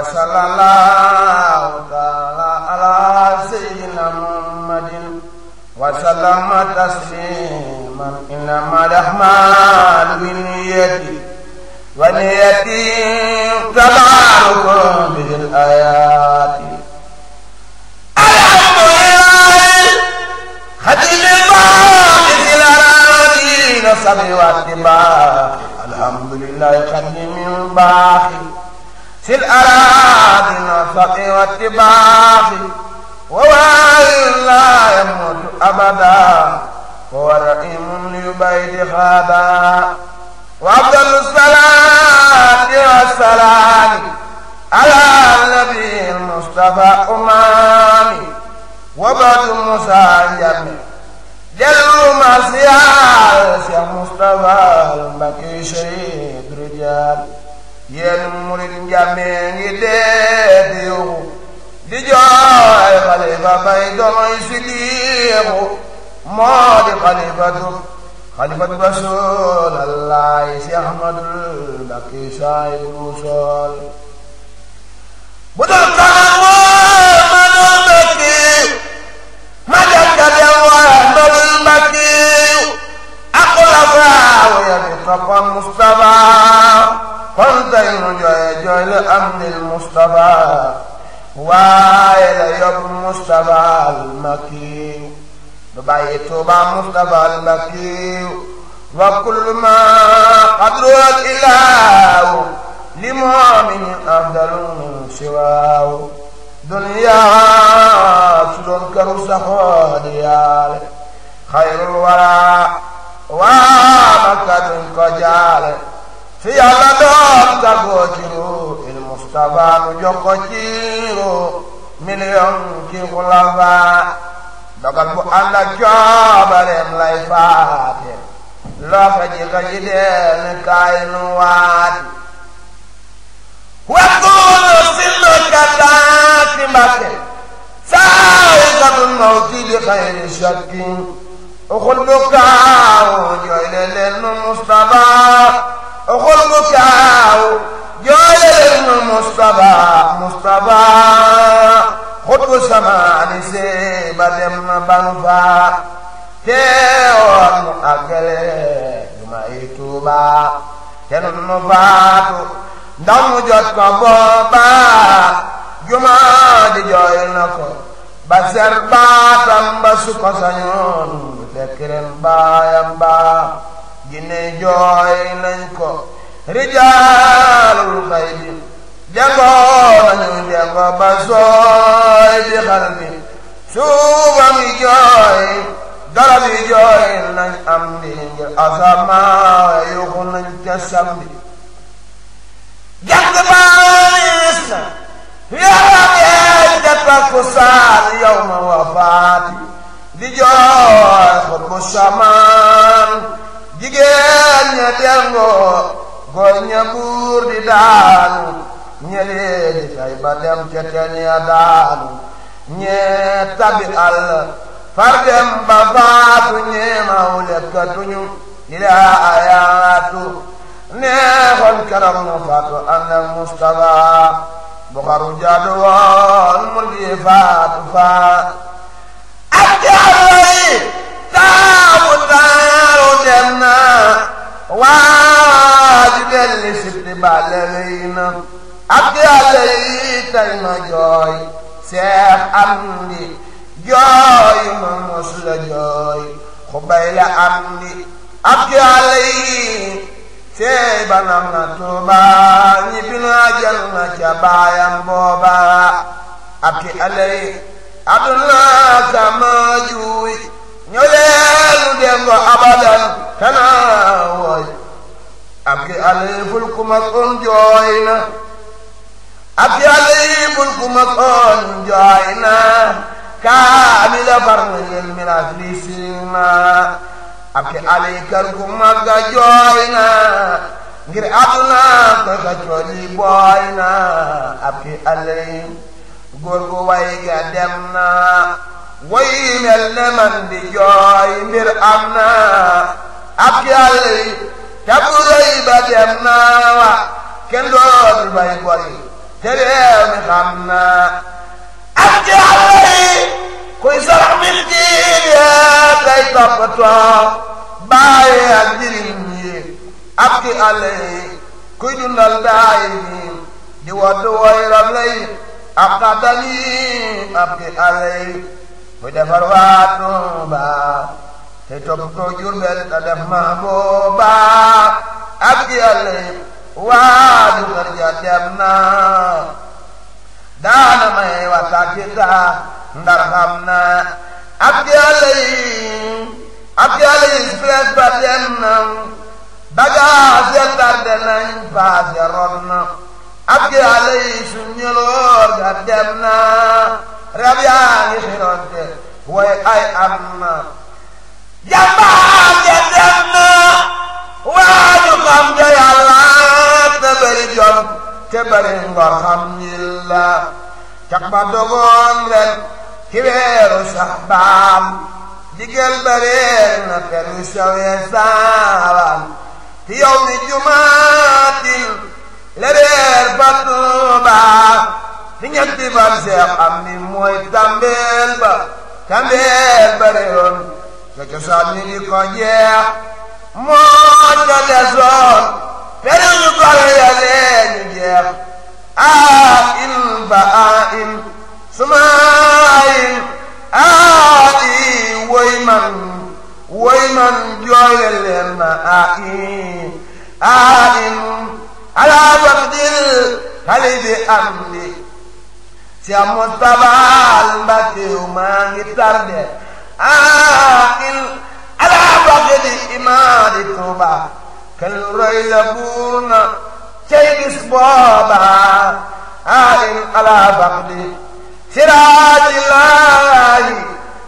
وصلى الله تعالى على سيدنا محمد وسلم تسليما إنما الأعمال بنيتي ونيتي تبارك به الآيات الحمد لله خديم الباقي الأراضي نصب واتباع الحمد لله خديم الباقي في الأراضي النفق والتباخ ووالي لا يموت أبدا هو رئيم لبيت هذا وأفضل الصلاة والسلام على النبي المصطفى أمامي وبعد مساجم جل مسيح الشيخ مصطفى المكي شهيد رجال yéen murid njàmmee ngi dee di yuxu di jooy xalifa bay donoy si liixu moo di xalifatu xalifatu rasul allaay si ahmadul baki saay bu sol المصطفى وإلى يوم مصطفى المكي بباي توبا مصطفى المكي وكل ما قدره الإله لمؤمن أفضل من سواه دنيا تذكر سخوديال خير الورى ومكة قجال في أبدهم تفوتهم safaanu jox ko ciiru million ci xulafa dogal bu ànd ak coobareem lay faate loo ko ji ko ji deen kaay nu waati waxtuulu si lu kataat ci mbakke saawi katu naw ci di xayri shakki uxul bu kaawu jooy leen nu Mustapha xol bu kaaw jooyalal nu Mustapha Mustapha xutbu samaani see ba dem ban fa teewoon mu àggale jumaay Tuuba te nun nu faatu ndax mu jot ko booba juma di jooyal na ko ba ser baatam ba su ko sañoon fekk ren baayam ba jinne jooy nañ ko rijaalul xaybi jangoo nañu jango ba sooy bi xal bi suubam jooy garab yi jooy nañ am bi ngir asamaa yuxu nañ ca sam bi jàng baanis na yaramee deppa ku saan wafaati di jooy xutbu samaan jigéen ña tengoo góor ña buur di daanu ñelee di tay ba dem ca daanu ñee tabi àll far dem ba faatu ñee maw lekkatuñu ilaa ayaatu neexoon keroog na faatu ànd ak Mustafa bu xaru jaadu woon mu di faatu faa ak jaadu yi bale wéy na ak yàlla yi ma jooy seex am di jooy ma mos la jooy xubay la am di ak yàlla yi sey banam na tuuba ñi bi baayam booba ak ki alay aduna sama juuy ñoo leenu dem abadan kana ab ki aliful ku mas on jooy na ab ki aliful ku mas on na ab ki alikal ku mas ga jooy na ngir aduna ka ka cooli booy na ab ki alif góor gu way ga dem na way mel ne man di jooy mbir am na ab ki alif taburoy ba dem naa wa kenn dootul bay bori te réew mi xam naa am ci àll kuy sarax min tiiye day toppatoo bàyyi ak njëriñ yi am ci àll yi kuy dundal daay di wodd woy rab lay ak xatal yi ci àll yi kuy defar waa Tuuba te toppatoo Jurbel ta def ma booba ak yàlla yëpp waa Jurbel ja dem na daana may wata kita ndar xam na ak yàlla yi ak yàlla yi express ba dem na bagaas ya tarde nañ paas ya ron na ak yàlla yi suñ ñëloor ga dem na rab yaa ngi xironte way ay am na te bari ngor xam ñil la caq ba dogoon ren ci weeru saxbaam jigéen bareer na teru sawee saaraan ci yow mi jumaatin la reer ba Tuubaa ci ñetti fan seex am ni mooy tàmbeel ba tàmbeel ba reeroon ca cosaan ni di ko jeex moo ca desoon feriñu golo ya jeex aa in ba aa in sumaayin aa ii woy man woy leen ma aa in alaa baxdil xali bi am di si amut tabaal mbàkkeew maa ngi tarde aa in alaa baxdil imaadi tuba كالري لبون تيجس بابا عائن على فقدي سراج الله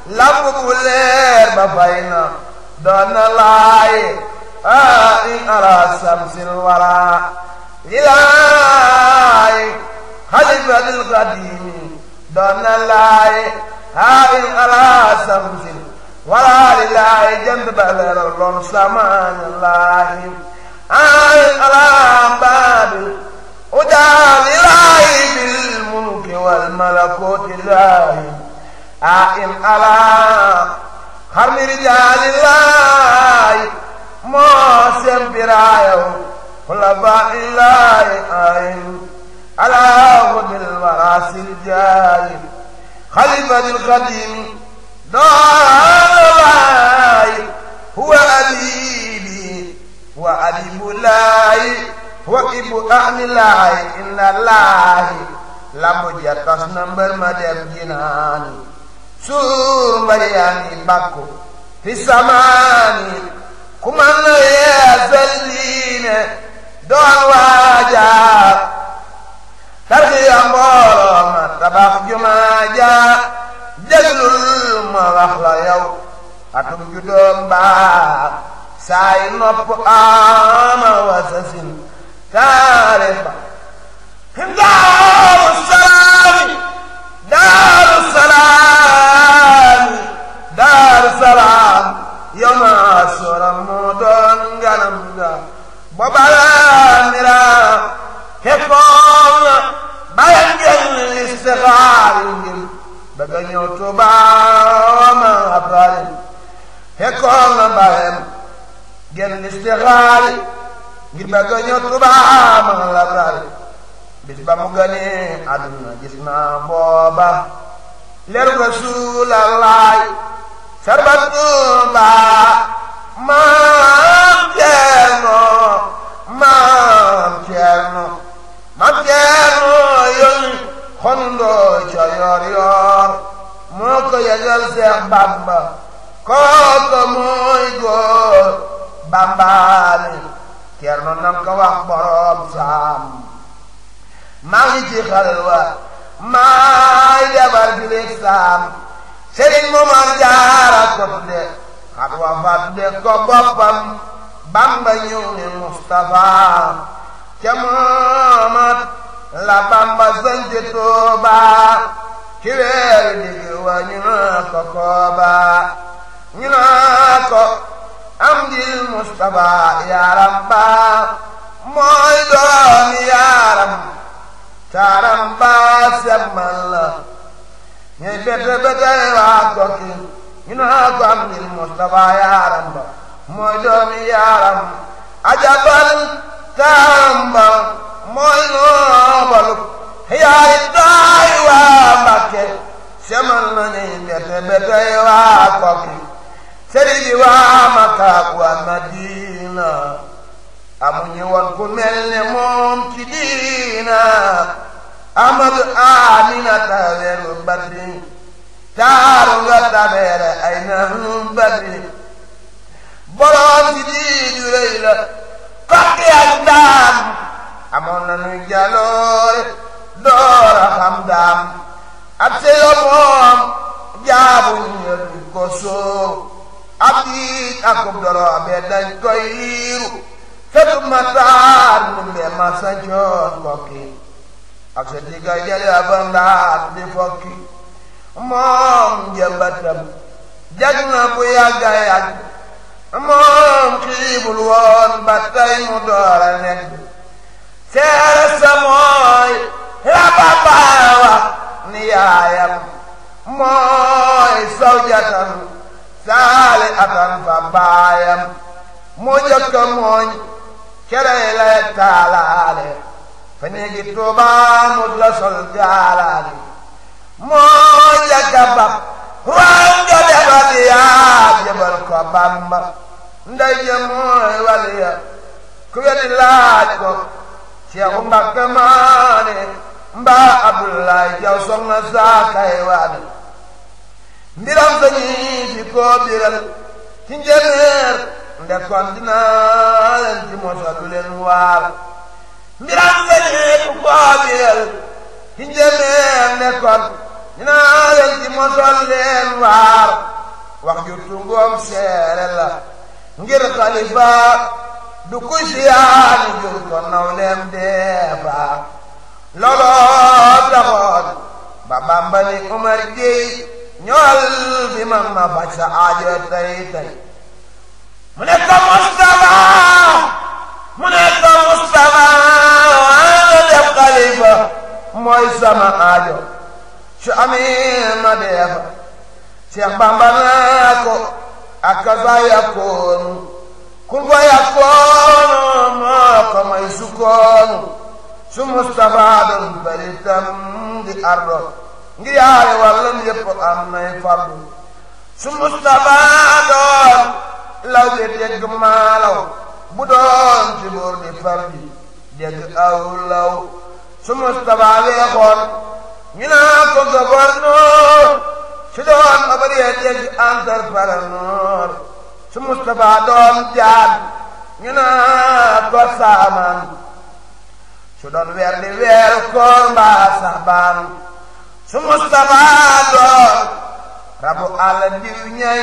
لفظ الليل مبين دون الله عائن آه، على سمس الورى لله خلف القديم دون الله عائن آه، على سمس الورى ولا لله جنب بلد الرمس مان الله على باب هدى لله بالملك والملكوت الله آئم على حرم رجال الله موسم برايه خلفاء الله آئم على هد الوراس الجاري خليفة القديم دار الله bismillaahi innallaahi lambu ja tas na mbër ma dem jinaani suur mbari yaa ngi bàkku fi samaani ku man na yeesal diine doon waajaat tarxiya mbooloo ma tabax jumaa jaa déglul ma wax la yow atum juddoom baax saay nopp aama wasasin ثالثا دار السلام دار السلام دار السلام يما سورا مودون غنمغا بابا ميرا هبون بلنجل الاستغفار بغنيو توبا وما أبرار هكونا بهم الاستغفار ngir bëgg ñu Tuubaa ma la bal bis ba mu gënee àdduna gis naa booba leru Rasuulallaay sarbat Tuubaa maam Ceerno maam Ceerno maam Ceerno yooyu xondoo ca yor yor moo ko yëgal Seex Bamba kooku mooy góor Bamba Ceerno nan wax boroom saam maa ngi ci xalwa maay defar bi saam sëriñ mu ma jaara sot de xat wa fat de ko boppam Bamba ñëw ni Mustafa ca moomat la Bamba sanc Tuuba ci weeru wa ñu naa ko kooba ñu naa ko Mustafa yaaram ba mooy doon yaaram taaram ba semmal la ñuy bette betey waa Kokki ñu naa ko am ngir Mustafa yaaram ba mooy doon yaaram ajabal taaram ba mooy noobalu yaay daay waa Mbakke semmal na ñuy bette betey waa Kokki sëriñ yi waa Makka ak waa Madina amuñu woon ku mel ne moom ci diina Amadu Aminata weeru badri taaru nga tabeere ay nahnu badri boroom ci diiju rëy la xaqi ak daam amoon na nuy jaloore door a xam daam ak seyo moom jaabuñ yëpp ko sóob ab diig akub doroo be dañ koy liiru fetu mataar mu be ma sa joon mbokki ak sa digga di fokki moom njëmbatam jag na bu yàgga yàgg moom xiibul woon ba mu door nekk seere mooy la babaaya ni yaayam mooy sawjatan aatan fa baayam moo jëkk a mooñ kerey lay taalaale fa néegi Tuubaa mu la sol jaalaale moo jëkk a bab ruwaam nga defal yaa jëbal ko Bàmba ndey ja mooy waliya ku wedi laaj ko Seexu Mbàkke maane mbaa Abdoulaye Jaw soxna saa kay waade mbiram sañi fi ko biral ci njëleer nde kon dinaa leen ci mosa waar mbiram sëriñ koobiyel ci njëleer nde kon dinaa leen ci mosa leen waar wax ju tungoom seere la ngir xalifa du ku jur ko naw leen deefa looloo taxoon ba Bamba ni Umar Géy ñoral fi man ma baj sa aajo tey tey mu ne ko Moustapha mu ne ko Moustapha la def xalifa mooy sama aajo su amee ma deefa Cheikh Bamba naa ko ak sa yàkkoonu kun ko yàkkoonu moo ko may sukkoonu su Moustapha doon bari tam di ardo ngi yaare wàllam yépp am nay fardu su Mustafa doon law bi dégg maalaw bu doon ci buur di fardi dégg aw law su Mustafa weexoon ñu naa ko gouverneur su doon abaree dégg entrepreneur su Mustafa doon jaar ñu naa ko saaman su doon weer di weeru koor mbaa sax baan su Mustafaa doon rabu àll diw ñey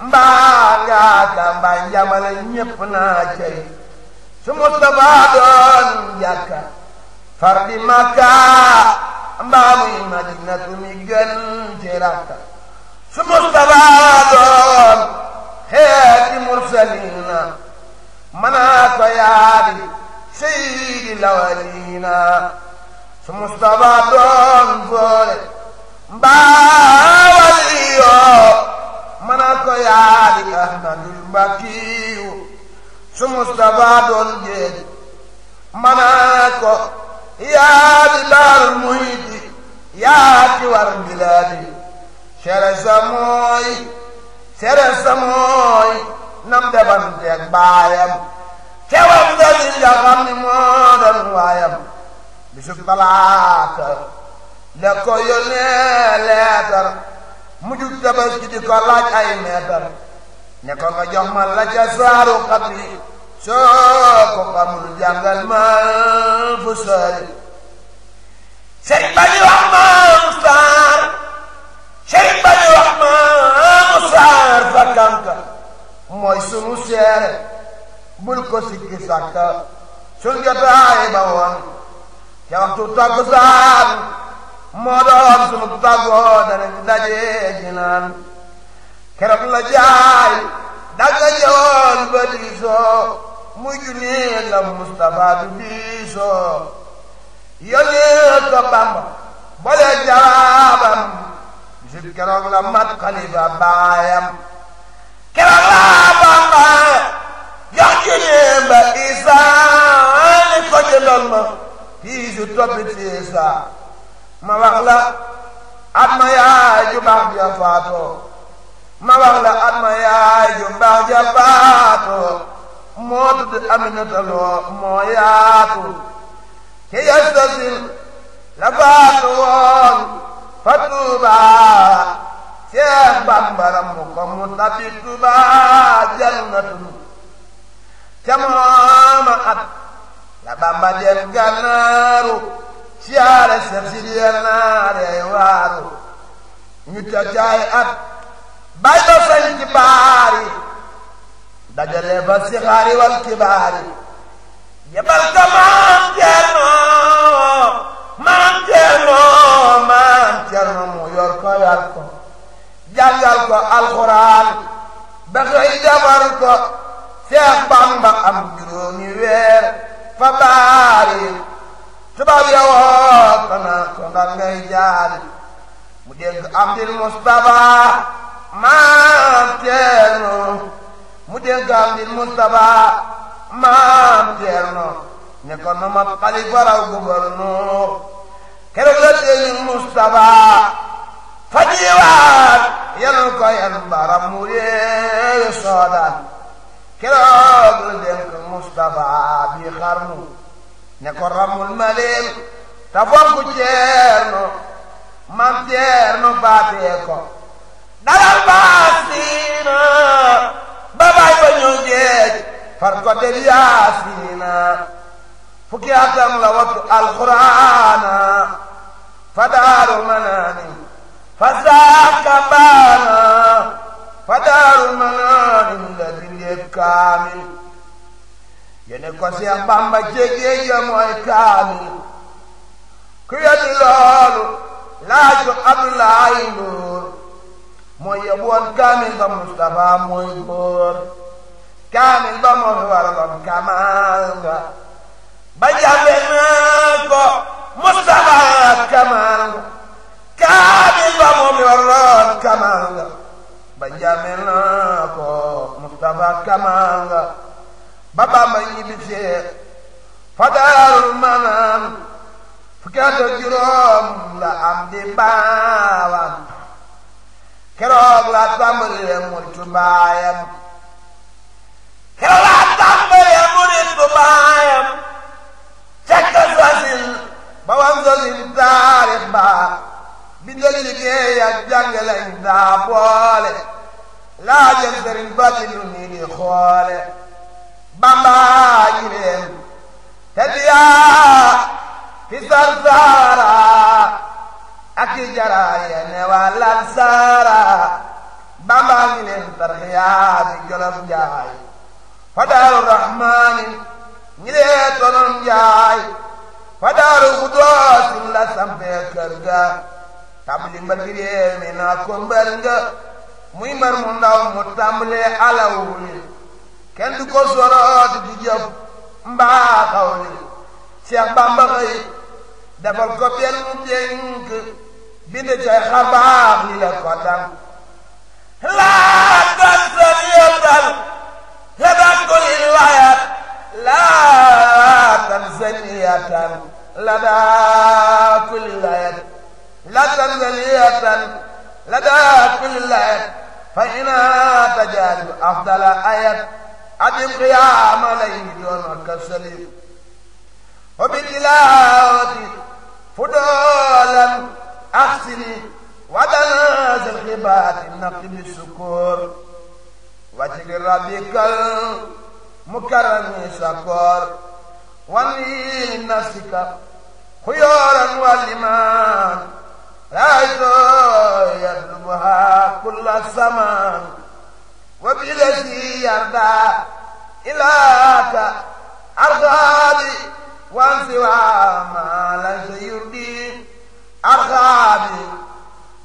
mbaa ngaa damba njamale ñépp naa cey su far di Makka mbaa muy Madinatu mi gën ci rakka su Mustafaa doon xeeti mursaliina manaa ko yaadi seydi lawaliina su Mustafa doon góore mbaa waliyoo mën a ko yaadi Ahmadul Mbakiyu su Mustafa doon jéedi mën a ko yaadi Daarul Muhiti yaati war bilaadi sere sa mooy sere sa mooy nam defanteeg baayam kewam nga di nga ni moo waayam bisub talaata la ko yónnee leetar mu jug tabaski di ko laaj ay meetar ne ko nga jox ma la ca saaru xabri soo ko xamul jàngal ma fu sori sëriñ ba ñu wax maam saar sëriñ ba ñu wax maam saar fa kanka mooy sunu seere bul ko sikki sàkka sun jotaay ba woon ca waxtu takkusaan moo sunu tàggoo danañ daje ci naan keroog la jaay dagga joon ba diisoo muy junni la Mustafa du diisoo yónnee ko Bamba boole jaraabam keroog la mat xalifa baayam keroog la Bamba jox ba Isaa li piisu toppit siisa ma wax la yaay ju baax ja ma wax la yaay ju baax ja faatoo moo Aminata Lo moo yaatu ci yastasil la faatu woon fa Tuubaa Seex Bambaram mu ko mu tabbi Tuubaa jannatun ca at la bamba dem gànnaaru siyaare sef si di naarey waaru ñu ca caay at bay ba sañ baari dajale ba si xaari wal kibaari yebal ka maam cerno maam cerno maam cerno mu yor ko yar ko jàngal ko alxuraan ba xëy defar ko Seex Bamba am juróomi weer fa baari tubaab ya woon fanaan ko ndar ngay jaari mu dégg Abdul Mustafa maam Ceerno mu dégg Abdul Mustafa maam Ceerno ne ko nu ma xalifa raw gouverneur keroog la dégg Mustafa fa jiwaat yenu ko yen baram mu réewi soodaan keroog la dégg Mustafa di xarnu ne ko ramul maleem te fonku ceerno mam ceerno baatee ko dalal baasiina ba bay ba ñu jeej far ko del yaasiina fukki atam la wattu alquraana fa daaru manaani fa saaka baana fa daaru manaani la bindéeb kaamil yene ko Seex Bamba ci géej ya kaamil ku yeddu loolu laaju Abdoulaye Ndour mooy yóbbu kaamil ba Moustapha mooy góor kaamil ba moo fi kamaal nga ba jafe naa ko Moustapha kamaal nga kaamil ba moo fi kamaal nga ba jafe naa ko Moustapha kamaal nga ba Bàmba ñibbisee fa Daarul Manaan fukki at ak la am di mbaawam keroog la tàmbalee muritu baayam keroog la tàmbalee muritu baayam cekk sasil ba wan sasil taarix ba bindal liggéey ak jàngaleñ daa boole laa jël sëriñ Fàtilu nii di xoole bamba yi leen taliyaa fi sarsara jaraaya ne waa lansara bamba yi leen tarxiyaa bi jolof njaay fa daaru rahmaani ñi lee tonon la sampee kër ga tàmbali mbal ko mbër nga muy mbër mu ndaw mu tàmbalee kenn du ko sorooti du jëf mbaa xaw li Cheikh Bamba xëy defal ko benn dénk bind cay xabaax li la ko dal laa tan tan yotal hedan ko illayat zaniyatan lada kulli layat la tan zaniyatan lada kulli layat fa ina tajaalu afdala ayat adim qiyaama lay doon ak sëriñ obi tilaawati fu doolan axsini wadana sa xibaati naqi bi sukkoor wacili rabbikal mukarrami sakoor wan yi nafsika xuyooran wallimaan raaytoo yatlubuha kulla samaan وبالذي يرضى إلاك أرغابي وانسوى ما ليس يرضي أرغابي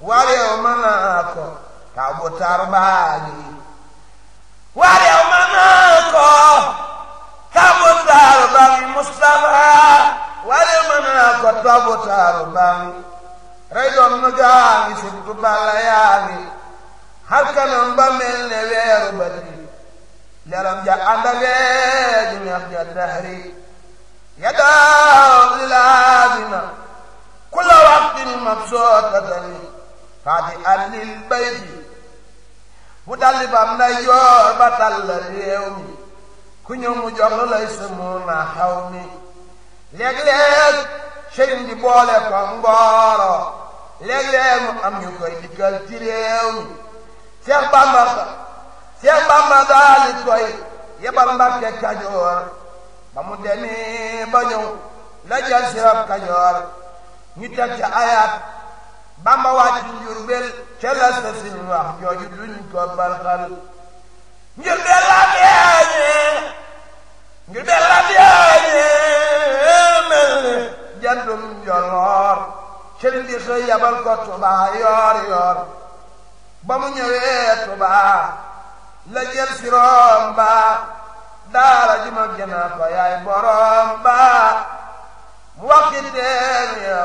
واليوم ناكو تعبو ترباني واليوم ناكو تعبو ترباني مصطفى واليوم ناكو تعبو ترباني ريدون مجاني سبت بلاياني xar kanam ba mel ne weeru badri leeram ja ànd ak weer ju ja dahri ya daaw li laazima kulla waqtin mabsuutatan faati ahlil bayti bu dalli bam na yoor ba talla réew mi ku ñëw mu jox lu lay sëmoo na xaw mi léeg-léeg sëriñ boole ko mbooro léeg mu am ñu koy dikkal ci réew Seex Bamba Seex Bamba daal di koy yebal Mbàkke Kajoor ba mu demee ba ñëw la jël sirab Kajoor ñu teg ca ayaat Bamba wàcc Njurbel ca la sa sin wax jooju duñ ko barxal Njurbel la feeñee Njurbel la feeñee mel ni jandum joloor seen di xëy yebal ko Tuubaa yoor yoor ba mu ñëwee Tuubaa la jël siroom ba daara ji ma gëna ko yaay boroom ba mu wakkit teen ya